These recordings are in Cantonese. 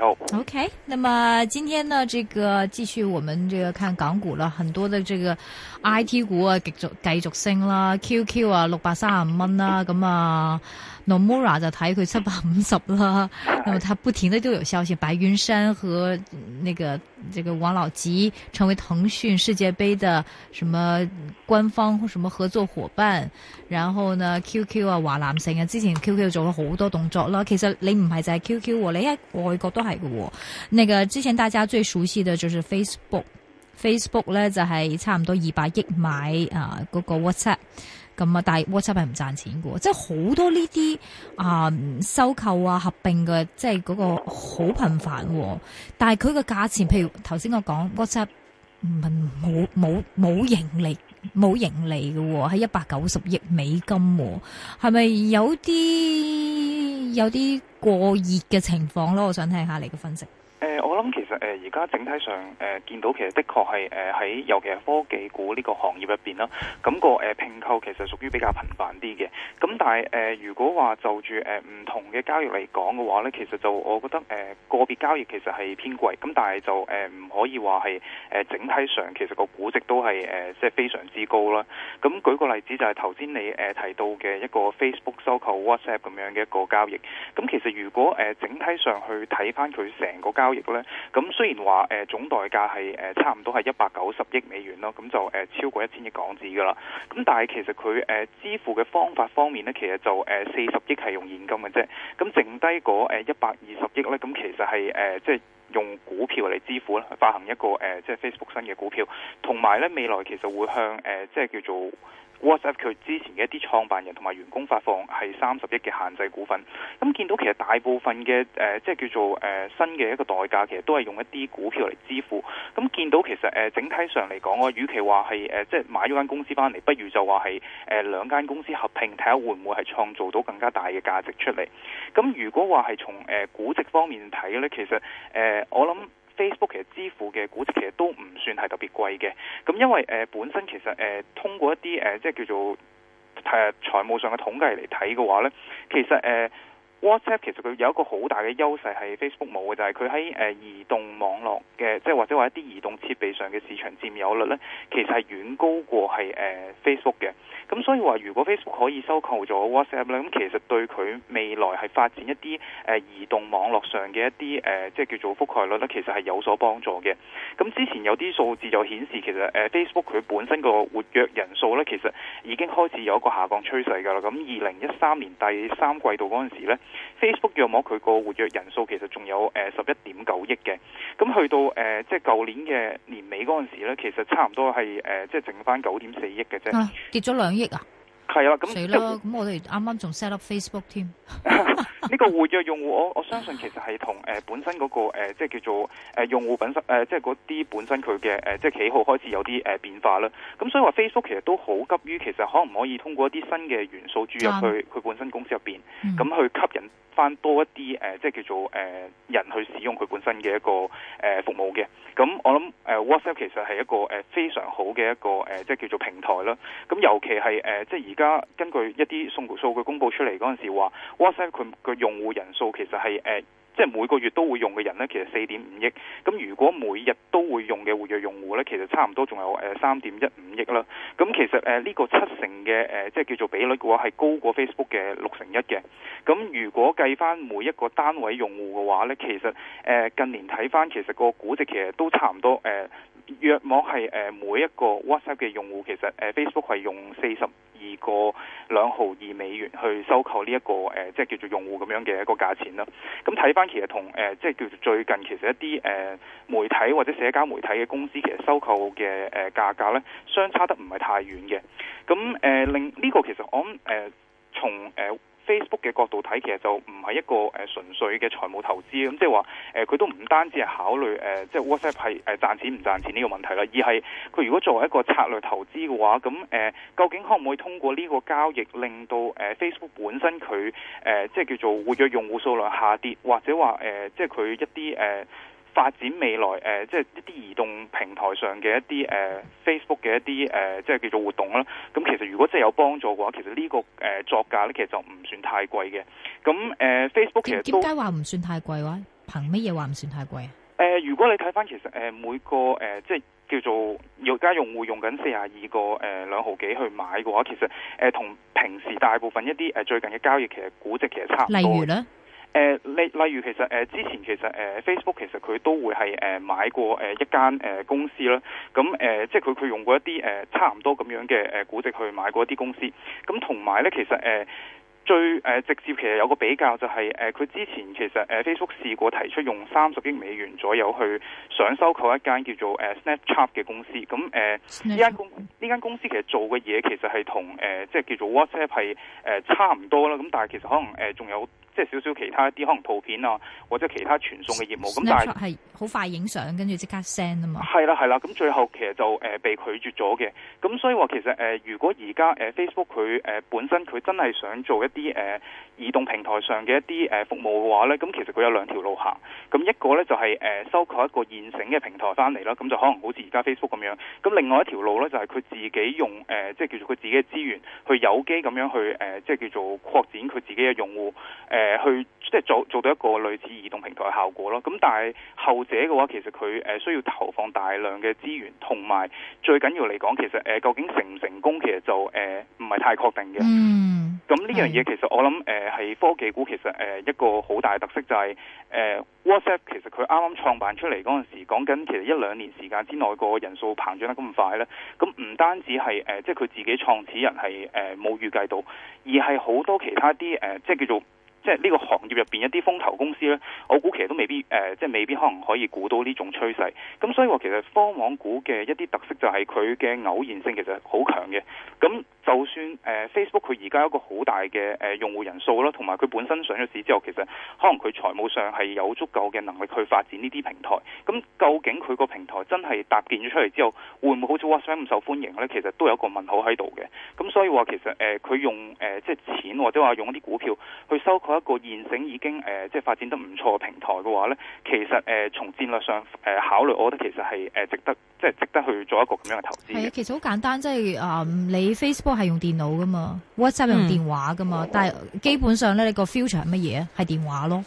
好，OK。那麼今天呢，這個繼續我們這個看港股了很多的這個 IT 股啊，繼續繼續升啦，QQ 啊六百三十五蚊啦，咁啊，Nomura 就睇佢七百五十啦，那麼他、嗯、不停的都有消息，白雲山和那個。這個王老吉成為騰訊世界杯的什麼官方或什麼合作伙伴，然後呢，QQ 啊、華南城啊，之前 QQ 做了好多動作啦。其實你唔係就係 QQ，你喺外國都係嘅、哦。那個之前大家最熟悉的就是 Facebook，Facebook 呢就係、是、差唔多二百億買啊嗰、那個 WhatsApp。咁啊，但係 WhatsApp 係唔賺錢嘅，即係好多呢啲啊收購啊合併嘅，即係嗰個好頻繁。但係佢個價錢，譬如頭先我講 WhatsApp 唔係冇冇冇盈利，冇盈利嘅喎，係一百九十億美金喎，係咪有啲有啲過熱嘅情況咯？我想聽下你嘅分析，誒。咁、嗯、其實誒而家整體上誒、呃、見到其實的確係誒喺尤其係科技股呢個行業入面啦，咁、那個誒、呃、拼購其實屬於比較頻繁啲嘅。咁但係、呃、如果話就住誒唔同嘅交易嚟講嘅話咧，其實就我覺得誒、呃、個別交易其實係偏貴。咁但係就誒唔、呃、可以話係、呃、整體上其實個估值都係誒、呃、即係非常之高啦。咁舉個例子就係頭先你、呃、提到嘅一個 Facebook 收購 WhatsApp 咁樣嘅一個交易。咁其實如果、呃、整體上去睇翻佢成個交易咧。咁雖然話誒總代價係誒差唔多係一百九十億美元咯，咁就誒超過一千億港紙噶啦。咁但係其實佢誒支付嘅方法方面咧，其實就誒四十億係用現金嘅啫，咁剩低嗰誒一百二十億咧，咁其實係誒即係用股票嚟支付啦，發行一個誒即係 Facebook 新嘅股票，同埋咧未來其實會向誒即係叫做。WhatsApp 佢之前嘅一啲創辦人同埋員工發放係三十億嘅限制股份，咁見到其實大部分嘅誒、呃，即係叫做誒、呃、新嘅一個代價，其實都係用一啲股票嚟支付。咁見到其實誒、呃、整體上嚟講，我與其話係誒即係買咗間公司翻嚟，不如就話係誒兩間公司合併，睇下會唔會係創造到更加大嘅價值出嚟。咁如果話係從誒估值方面睇咧，其實誒、呃、我諗。Facebook 其實支付嘅估值其實都唔算係特別貴嘅，咁因為誒、呃、本身其實誒、呃、通過一啲誒、呃、即係叫做誒財務上嘅統計嚟睇嘅話咧，其實誒、呃、WhatsApp 其實佢有一個好大嘅優勢係 Facebook 冇嘅，就係佢喺誒移動網絡嘅即係或者話一啲移動設備上嘅市場佔有率呢，其實係遠高過係誒、呃、Facebook 嘅。咁所以話，如果 Facebook 可以收購咗 WhatsApp 呢，咁其實對佢未來係發展一啲誒、呃、移動網絡上嘅一啲誒、呃、即係叫做覆蓋率呢，其實係有所幫助嘅。咁之前有啲數字就顯示，其實誒、呃、Facebook 佢本身個活躍人數呢，其實已經開始有一個下降趨勢㗎啦。咁二零一三年第三季度嗰陣時咧，Facebook 約莫佢個活躍人數其實仲有誒十一點九億嘅，咁去到誒、呃，即係舊年嘅年尾嗰陣時咧，其實差唔多係誒、呃，即係剩翻九點四億嘅啫，係啊，跌咗兩億啊！係啦，咁咁我哋啱啱仲 set up Facebook 添 、啊。呢、這個活躍用戶，我我相信其實係同誒本身嗰、那個、呃、即係叫做誒用戶本身、呃、即係嗰啲本身佢嘅誒即係喜好開始有啲誒變化啦。咁所以話 Facebook 其實都好急於其實可唔可以通過一啲新嘅元素注入去佢本身公司入邊，咁、嗯、去吸引翻多一啲誒、呃、即係叫做誒人去使用佢本身嘅一個誒服務嘅。咁我諗誒 WhatsApp 其實係一個誒非常好嘅一個誒、呃、即係叫做平台啦。咁尤其係誒、呃、即係而。而家根據一啲數數據公佈出嚟嗰陣時，話 WhatsApp 佢佢用戶人數其實係誒，即係每個月都會用嘅人呢，其實四點五億。咁如果每日都會用嘅活躍用戶呢，其實差唔多仲有誒三點一五億啦。咁其實誒呢個七成嘅誒即係叫做比率嘅話，係高過 Facebook 嘅六成一嘅。咁如果計翻每一個單位用戶嘅話呢，其實誒近年睇翻其實個估值其實都差唔多誒。呃約莫係誒，每一個 WhatsApp 嘅用戶，其實誒 Facebook 係用四十二個兩毫二美元去收購呢、這、一個誒即係叫做用戶咁樣嘅一個價錢啦。咁睇翻，其實同誒即係叫做最近其實一啲誒媒體或者社交媒體嘅公司其實收購嘅誒價格咧相差得唔係太遠嘅。咁誒令呢個其實我諗誒從誒。Facebook 嘅角度睇，其實就唔係一個誒純粹嘅財務投資，咁即係話誒佢都唔單止係考慮誒即係 WhatsApp 係誒賺錢唔賺錢呢個問題啦，而係佢如果作為一個策略投資嘅話，咁誒、呃、究竟可唔可以通過呢個交易令到誒、呃、Facebook 本身佢誒即係叫做活躍用戶數量下跌，或者話誒即係佢一啲誒。呃發展未來誒，即、呃、係、就是、一啲移動平台上嘅一啲誒、呃、Facebook 嘅一啲誒，即、呃、係、就是、叫做活動啦。咁、嗯、其實如果真係有幫助嘅話，其實呢、這個誒、呃、作價咧，其實就唔算太貴嘅。咁、嗯、誒、呃、Facebook 其實點解話唔算太貴嘅、啊？憑乜嘢話唔算太貴、啊？誒、呃，如果你睇翻其實誒、呃、每個誒、呃、即係叫做而家用戶用緊四十二個誒兩毫幾去買嘅話，其實誒同、呃、平時大部分一啲誒、呃、最近嘅交易其實估值其實差唔多。例如咧。誒例例如其實誒之前其實誒 Facebook 其實佢都會係誒買過誒一間誒公司啦。咁誒即係佢佢用過一啲誒差唔多咁樣嘅誒估值去買過一啲公司。咁同埋咧，其實誒最誒直接其實有個比較就係誒佢之前其實誒 Facebook 試過提出用三十億美元左右去想收購一間叫做誒 Snapchat 嘅公司。咁誒呢間公呢間公司其實做嘅嘢其實係同誒即係叫做 WhatsApp 係誒差唔多啦。咁但係其實可能誒仲有。即係少少其他一啲可能圖片啊，或者其他傳送嘅業務咁，但係係好快影相，跟住即刻 send 啊嘛。係啦，係啦，咁最後其實就被拒絕咗嘅。咁所以話其實如果而家 Facebook 佢本身佢真係想做一啲移動平台上嘅一啲服務嘅話咧，咁其實佢有兩條路行。咁一個咧就係收購一個現成嘅平台翻嚟啦，咁就可能好似而家 Facebook 咁樣。咁另外一條路咧就係佢自己用，即係叫做佢自己嘅資源去有機咁樣去，即係叫做擴展佢自己嘅用戶。誒，去即係做做到一個類似移動平台嘅效果咯。咁但係後者嘅話，其實佢誒需要投放大量嘅資源，同埋最緊要嚟講，其實誒究竟成唔成功，其實就誒唔係太確定嘅。嗯。咁呢樣嘢的其實我諗誒係科技股其實誒、呃、一個好大特色就係、是、誒、呃、WhatsApp 其實佢啱啱創辦出嚟嗰陣時，講緊其實一兩年時間之內個人數膨脹得咁快咧。咁唔單止係誒、呃、即係佢自己創始人係誒冇預計到，而係好多其他啲誒、呃、即係叫做。即係呢個行業入邊一啲風投公司呢，我估其實都未必誒、呃，即係未必可能可以估到呢種趨勢。咁所以話其實科網股嘅一啲特色就係佢嘅偶然性其實好強嘅。咁就算誒、呃、Facebook 佢而家有一個好大嘅誒、呃、用戶人數啦，同埋佢本身上咗市之後，其實可能佢財務上係有足夠嘅能力去發展呢啲平台。咁究竟佢個平台真係搭建咗出嚟之後，會唔會好似 WhatsApp 咁受歡迎呢？其實都有一個問號喺度嘅。咁所以話其實誒佢、呃、用誒即係錢或者話用一啲股票去收一個現成已經誒，即係發展得唔錯嘅平台嘅話咧，其實誒，從戰略上誒考慮，我覺得其實係誒值得，即係值得去做一個咁樣嘅投資。係啊，其實好簡單，即係啊，你 Facebook 係用電腦噶嘛，WhatsApp 用電話噶嘛，嗯、但係基本上咧，你個 future 係乜嘢啊？係電話咯。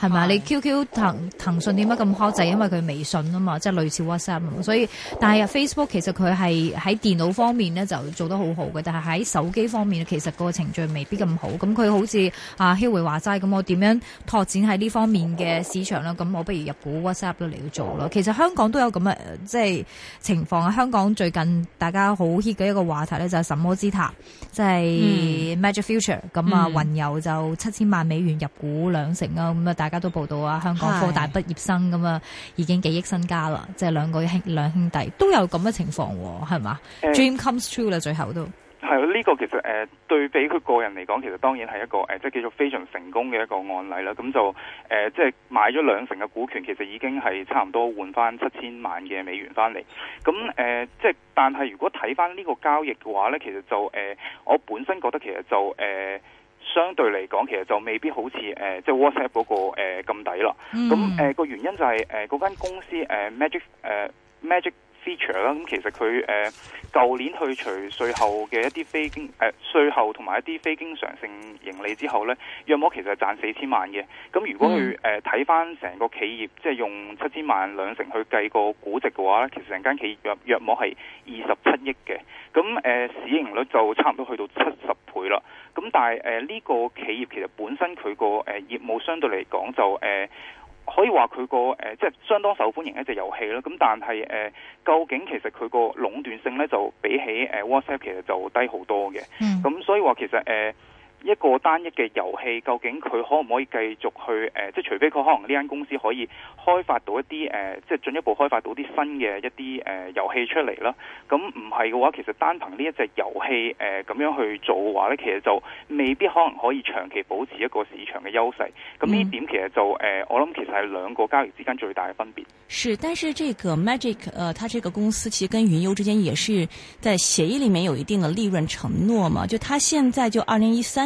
係嘛？你 QQ 騰騰訊點解咁苛制？因為佢微信啊嘛，即係類似 WhatsApp，所以但係 Facebook 其實佢係喺電腦方面呢就做得好好嘅，但係喺手機方面其實個程序未必咁好。咁佢好似啊熙威話齋咁，我點樣拓展喺呢方面嘅市場咧？咁我不如入股 WhatsApp 都嚟去做咯。其實香港都有咁嘅即係情況啊！香港最近大家好 hit 嘅一個話題呢，就係神魔之塔，即係 Magic Future、嗯。咁啊、嗯，雲遊就七千萬美元入股兩成啊！咁啊，大家都報道啊！香港科大畢業生咁啊，是已經幾億身家啦！即係兩個兄兩兄弟都有咁嘅情況喎，係嘛？Dream comes true 啦，呃、最後都係啊！呢、呃這個其實誒、呃、對比佢個人嚟講，其實當然係一個誒，即係叫做非常成功嘅一個案例啦。咁就誒，即、呃、係、就是、買咗兩成嘅股權，其實已經係差唔多換翻七千萬嘅美元翻嚟。咁誒，即、呃、係、就是、但係如果睇翻呢個交易嘅話咧，其實就誒、呃，我本身覺得其實就誒。呃相對嚟講，其實就未必好似誒、呃，即係 WhatsApp 嗰、嗰個誒咁抵啦。咁誒個原因就係誒嗰間公司誒、呃、Magic 誒、呃、Magic。feature 啦，咁其實佢誒舊年去除稅後嘅一啲非經誒稅、呃、後同埋一啲非經常性盈利之後咧，約莫其實係賺四千萬嘅。咁如果佢誒睇翻成個企業，即係用七千萬兩成去計個估值嘅話咧，其實成間企業約約莫係二十七億嘅。咁誒、呃、市盈率就差唔多去到七十倍啦。咁但係誒呢個企業其實本身佢個誒業務相對嚟講就誒。呃可以話佢個誒，即係相當受歡迎一隻遊戲啦。咁但係誒、呃，究竟其實佢個壟斷性咧，就比起誒、呃、WhatsApp 其實就低好多嘅。咁、嗯嗯、所以話，其實誒。呃一個單一嘅遊戲，究竟佢可唔可以繼續去、呃、即係除非佢可能呢間公司可以開發到一啲誒、呃，即係進一步開發到啲新嘅一啲遊戲出嚟啦。咁唔係嘅話，其實單憑呢一隻遊戲誒咁樣去做嘅話咧，其實就未必可能可以長期保持一個市場嘅優勢。咁呢點其實就我諗其實係兩個交易之間最大嘅分別。是，但是這個 Magic，呃，它這個公司其實跟雲遊之間也是在協議裏面有一定的利潤承諾嘛。就它現在就二零一三。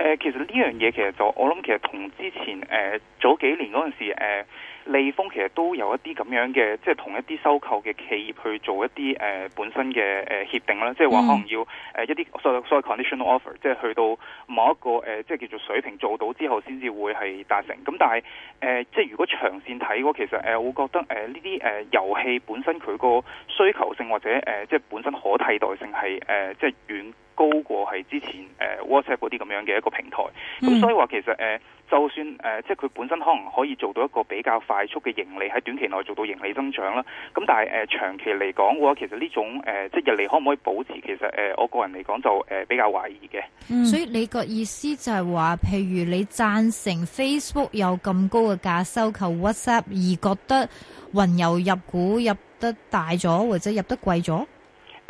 誒、呃，其實呢樣嘢，其實就我諗，其實同之前誒、呃，早幾年嗰陣時誒。呃利豐其實都有一啲咁樣嘅，即、就、係、是、同一啲收購嘅企業去做一啲誒、呃、本身嘅誒、呃、協定啦，即係話可能要誒、呃、一啲所謂所謂 conditional offer，即係去到某一個誒即係叫做水平做到之後先至會係達成。咁但係誒即係如果長線睇嘅其實誒、呃，我覺得誒呢啲誒遊戲本身佢個需求性或者誒即係本身可替代性係誒即係遠高過係之前誒、呃、WhatsApp 嗰啲咁樣嘅一個平台。咁所以話其實誒。呃就算誒、呃，即係佢本身可能可以做到一個比較快速嘅盈利，喺短期內做到盈利增長啦。咁但係誒、呃，長期嚟講嘅話，其實呢種誒、呃，即係日嚟可唔可以保持，其實誒、呃，我個人嚟講就、呃、比較懷疑嘅。嗯、所以你個意思就係話，譬如你贊成 Facebook 有咁高嘅價收購 WhatsApp，而覺得雲遊入股入得大咗，或者入得貴咗？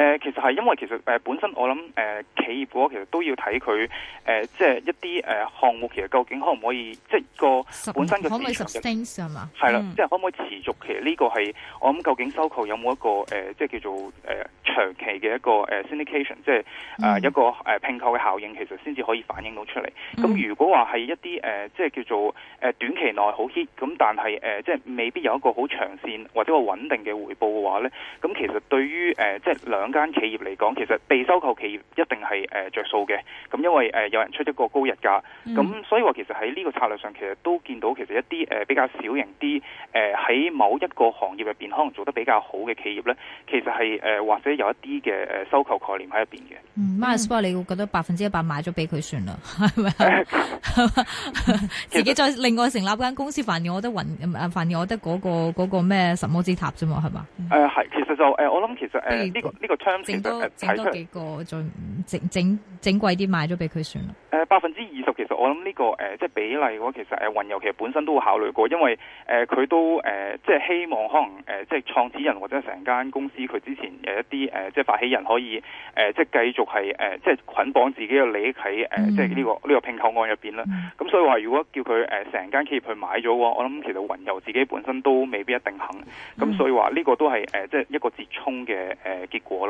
誒、呃、其實係因為其實誒、呃、本身我諗誒、呃、企業嘅話其實都要睇佢誒即係一啲誒、呃、項目其實究竟可唔可以即係個本身嘅市場可唔可以 sustain 係嘛？係啦，的嗯、即係可唔可以持續？其實呢個係我諗究竟收購有冇一個誒、呃、即係叫做誒、呃、長期嘅一個誒、啊、syndication 即係啊一個誒、呃、拼購嘅效應，其實先至可以反映到出嚟。咁、嗯、如果話係一啲誒、呃、即係叫做誒、呃、短期內好 hit，咁但係誒、呃、即係未必有一個好長線或者個穩定嘅回報嘅話咧，咁其實對於誒、呃、即係兩間企業嚟講，其實被收購企業一定係誒着數嘅，咁、呃、因為誒、呃、有人出一個高日價，咁、嗯、所以話其實喺呢個策略上，其實都見到其實一啲誒、呃、比較小型啲誒喺某一個行業入邊可能做得比較好嘅企業咧，其實係誒、呃、或者有一啲嘅誒收購概念喺入邊嘅。Marshall，你會覺得百分之一百買咗俾佢算啦，係咪自己再另外成立間公司，反而我覺得混，啊反而我覺得嗰、那個嗰、那個咩什麼之塔啫嘛，係嘛？誒係、嗯呃，其實就誒、呃、我諗其實誒呢個呢個。這個整多、呃、整多幾個再還整整整貴啲買咗俾佢算。誒百分之二十其實我諗呢、這個誒即係比例嘅話，其實誒、呃、雲遊其實本身都會考慮過，因為誒佢、呃、都誒即係希望可能誒即係創始人或者成間公司佢之前有一啲誒即係發起人可以誒即係繼續係誒即係捆綁自己嘅利益喺誒即係呢個呢、這個併購案入邊啦。咁、嗯啊、所以話如果叫佢誒成間企業去買咗嘅話，我諗其實雲遊自己本身都未必一定肯。咁、嗯啊、所以話呢個都係誒即係一個折衷嘅誒結果。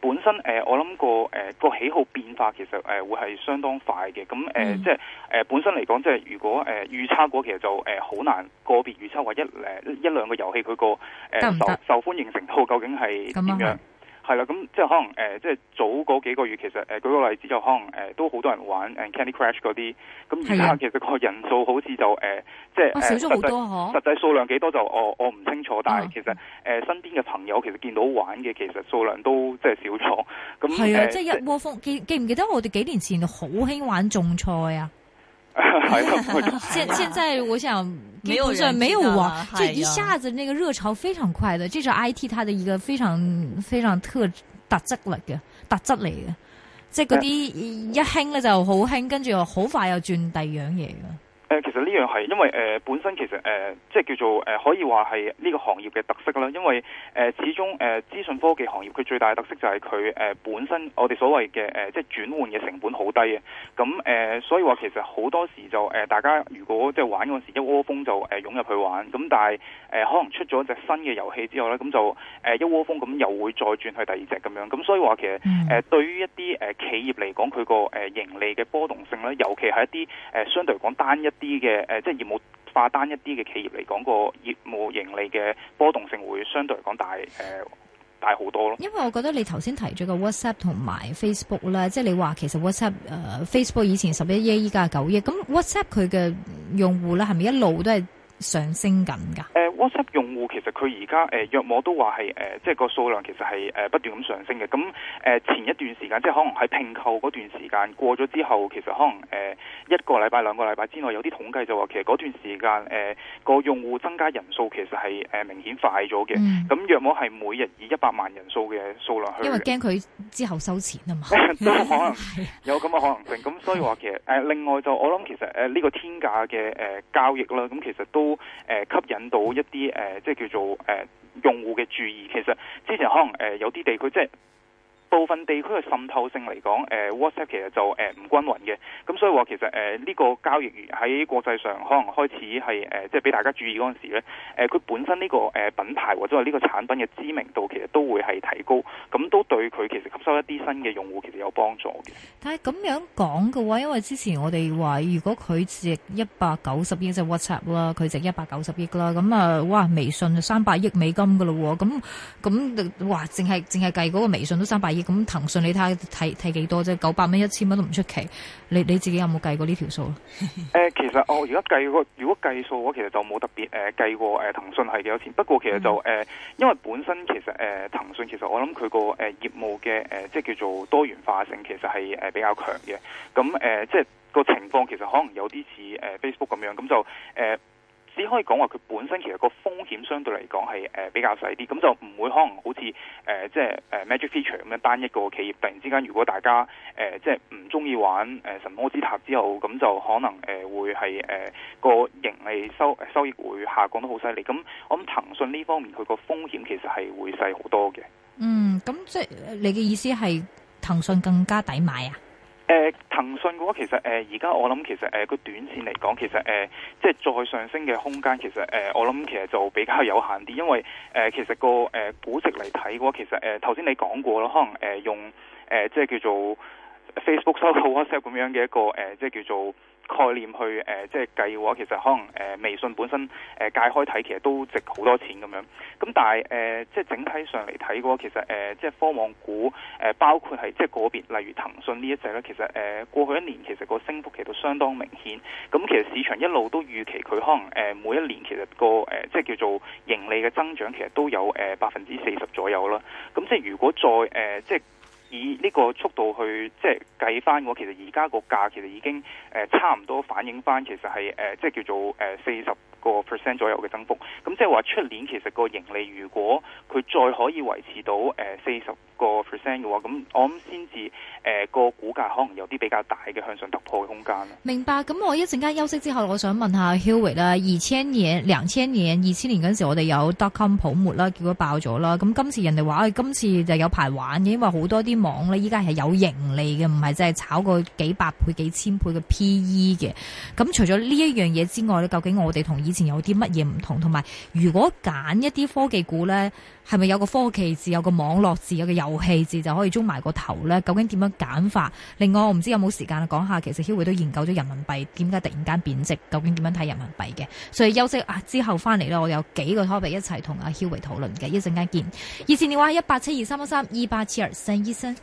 本身誒、呃、我諗個誒個喜好變化其實誒、呃、會係相當快嘅，咁誒即係、呃、本身嚟講即係如果誒預測過其實就誒好、呃、難個別預測話一誒一兩個遊戲佢個誒、呃、受受歡迎程度究竟係點樣係啦，咁、啊、即係可能誒、呃，即係早嗰幾個月其實誒、呃、舉個例子就可能誒、呃、都好多人玩誒 Candy Crush 嗰啲，咁而家其實個人數好似就誒、呃、即係、啊、少咗好多嗬。實際、啊、實際數量幾多就我我唔清楚，但係其實誒、啊啊呃、身邊嘅朋友其實見到玩嘅其實數量都即係少咗。咁係啊，呃、即係一窩蜂。記記唔記得我哋幾年前好興玩種菜啊？還有，現 現在我想沒有算沒有玩，就一下子那個熱潮非常快的。這、就是 I T 它的一個非常非常特特質嚟嘅，特質嚟嘅，即係嗰啲一興咧就好興，跟住又好快又轉第二樣嘢嘅。其實呢樣係，因為誒、呃、本身其實誒、呃、即係叫做誒、呃、可以話係呢個行業嘅特色啦。因為誒、呃、始終誒、呃、資訊科技行業佢最大嘅特色就係佢誒本身我哋所謂嘅誒、呃、即係轉換嘅成本好低嘅，咁誒、呃、所以話其實好多時就誒、呃、大家如果即係玩嗰時一窩蜂就誒湧入去玩，咁但係、呃、可能出咗一隻新嘅遊戲之後咧，咁就、呃、一窩蜂咁又會再轉去第二隻咁樣。咁所以話其實誒、嗯呃、對於一啲企業嚟講，佢個誒盈利嘅波動性咧，尤其係一啲相對嚟講單一。啲嘅誒，即係業務化單一啲嘅企業嚟講，個業務盈利嘅波動性會相對嚟講大誒，大好多咯。因為我覺得你頭先提咗個 WhatsApp 同埋 Facebook 啦，即係你話其實 WhatsApp 誒、呃、Facebook 以前十一億，依家係九億，咁 WhatsApp 佢嘅用戶咧係咪一路都係上升緊㗎？WhatsApp 用戶其實佢而家誒約莫都話係誒，即係個數量其實係誒、呃、不斷咁上升嘅。咁誒、呃、前一段時間即係可能喺併購嗰段時間過咗之後，其實可能誒、呃、一個禮拜兩個禮拜之內有啲統計就話，其實嗰段時間誒、呃、個用戶增加人數其實係誒、呃、明顯快咗嘅。咁、嗯、約莫係每日以一百萬人數嘅數量去，因為驚佢之後收錢啊嘛，都 可能有咁嘅可能性。咁 所以話其實誒、呃、另外就我諗其實誒呢、呃這個天價嘅誒、呃、交易啦，咁、呃、其實都誒、呃、吸引到一啲誒、呃，即係叫做誒、呃，用戶嘅注意，其實之前可能誒、呃，有啲地區即，即係，部分地區嘅滲透性嚟講，誒 WhatsApp 其實就誒唔均勻嘅，咁所以話其實誒呢個交易員喺國際上可能開始係誒即係俾大家注意嗰陣時咧，誒佢本身呢個誒品牌或者話呢個產品嘅知名度其實都會係提高，咁都對佢其實吸收一啲新嘅用戶其實有幫助嘅。但係咁樣講嘅話，因為之前我哋話如果佢值一百九十億隻 WhatsApp 啦，佢值一百九十億啦，咁啊，哇，微信就三百億美金噶咯喎，咁咁哇，淨係淨係計嗰個微信都三百億。咁騰訊你睇睇睇幾多啫？九百蚊，一千蚊都唔出奇。你你自己有冇計過呢條數？誒， 其實我而家計過，如果計數嘅話我其實就冇特別誒計過誒騰訊係幾多錢。不過其實就誒、呃，因為本身其實誒騰訊其實我諗佢個誒業務嘅誒、呃、即係叫做多元化性，其實係誒比較強嘅。咁、呃、誒即係個情況其實可能有啲似誒 Facebook 咁樣，咁就誒。呃你可以講話佢本身其實個風險相對嚟講係誒比較細啲，咁就唔會可能好似誒、呃、即係誒 Magic Feature 咁樣單一個企業突然之間，如果大家誒、呃、即係唔中意玩誒神魔之塔之後，咁就可能誒、呃、會係誒個盈利收收益會下降得好犀利。咁我諗騰訊呢方面佢個風險其實係會細好多嘅。嗯，咁即係你嘅意思係騰訊更加抵買啊？誒，騰訊嘅話其實誒，而、呃、家我諗其實誒，個、呃、短線嚟講，其實誒、呃，即係再上升嘅空間，其實誒、呃，我諗其實就比較有限啲，因為誒、呃，其實、那個誒、呃、估值嚟睇嘅話，其實誒，頭、呃、先你講過咯，可能誒、呃、用誒、呃、即係叫做 Facebook s o 收購 WhatsApp 咁樣嘅一個誒、呃，即係叫做。概念去誒、呃、即係計嘅話，其實可能誒、呃、微信本身誒界、呃、開睇，其實都值好多錢咁樣。咁但係誒、呃、即係整體上嚟睇嘅話，其實誒、呃、即係科網股誒、呃、包括係即係個別，例如騰訊呢一隻咧，其實誒、呃、過去一年其實個升幅其實都相當明顯。咁其實市場一路都預期佢可能誒每一年其實、個誒、呃、即係叫做盈利嘅增長，其實都有誒百分之四十左右啦。咁即係如果再誒、呃、即係。以呢個速度去即係計翻，我其實而家個價，其實已經誒差唔多反映翻，其實係誒即係叫做誒四十，個 percent 左右嘅增幅，咁即係話出年其實個盈利如果佢再可以維持到誒四十個 percent 嘅話，咁我諗先至誒個股價可能有啲比較大嘅向上突破嘅空間啦。明白，咁我一陣間休息之後，我想問下 Hilary 啦，二千年、兩千年、二千年嗰陣時候我們，我哋有 dotcom 泡沫啦，結果爆咗啦。咁今次人哋話，唉、哎，今次就有排玩嘅，因為好多啲網呢，依家係有盈利嘅，唔係真係炒個幾百倍、幾千倍嘅 PE 嘅。咁除咗呢一樣嘢之外咧，究竟我哋同以前有啲乜嘢唔同，同埋如果揀一啲科技股呢，係咪有個科技字、有個網絡字、有個遊戲字就可以中埋個頭呢？究竟點樣揀法？另外我唔知有冇時間講下，其實熙威都研究咗人民幣點解突然間貶值，究竟點樣睇人民幣嘅？所以休息啊之後翻嚟呢，我有幾個 topic 一齊同阿熙威討論嘅，一陣間見。熱線電話一八七二三一三二八七二四二三。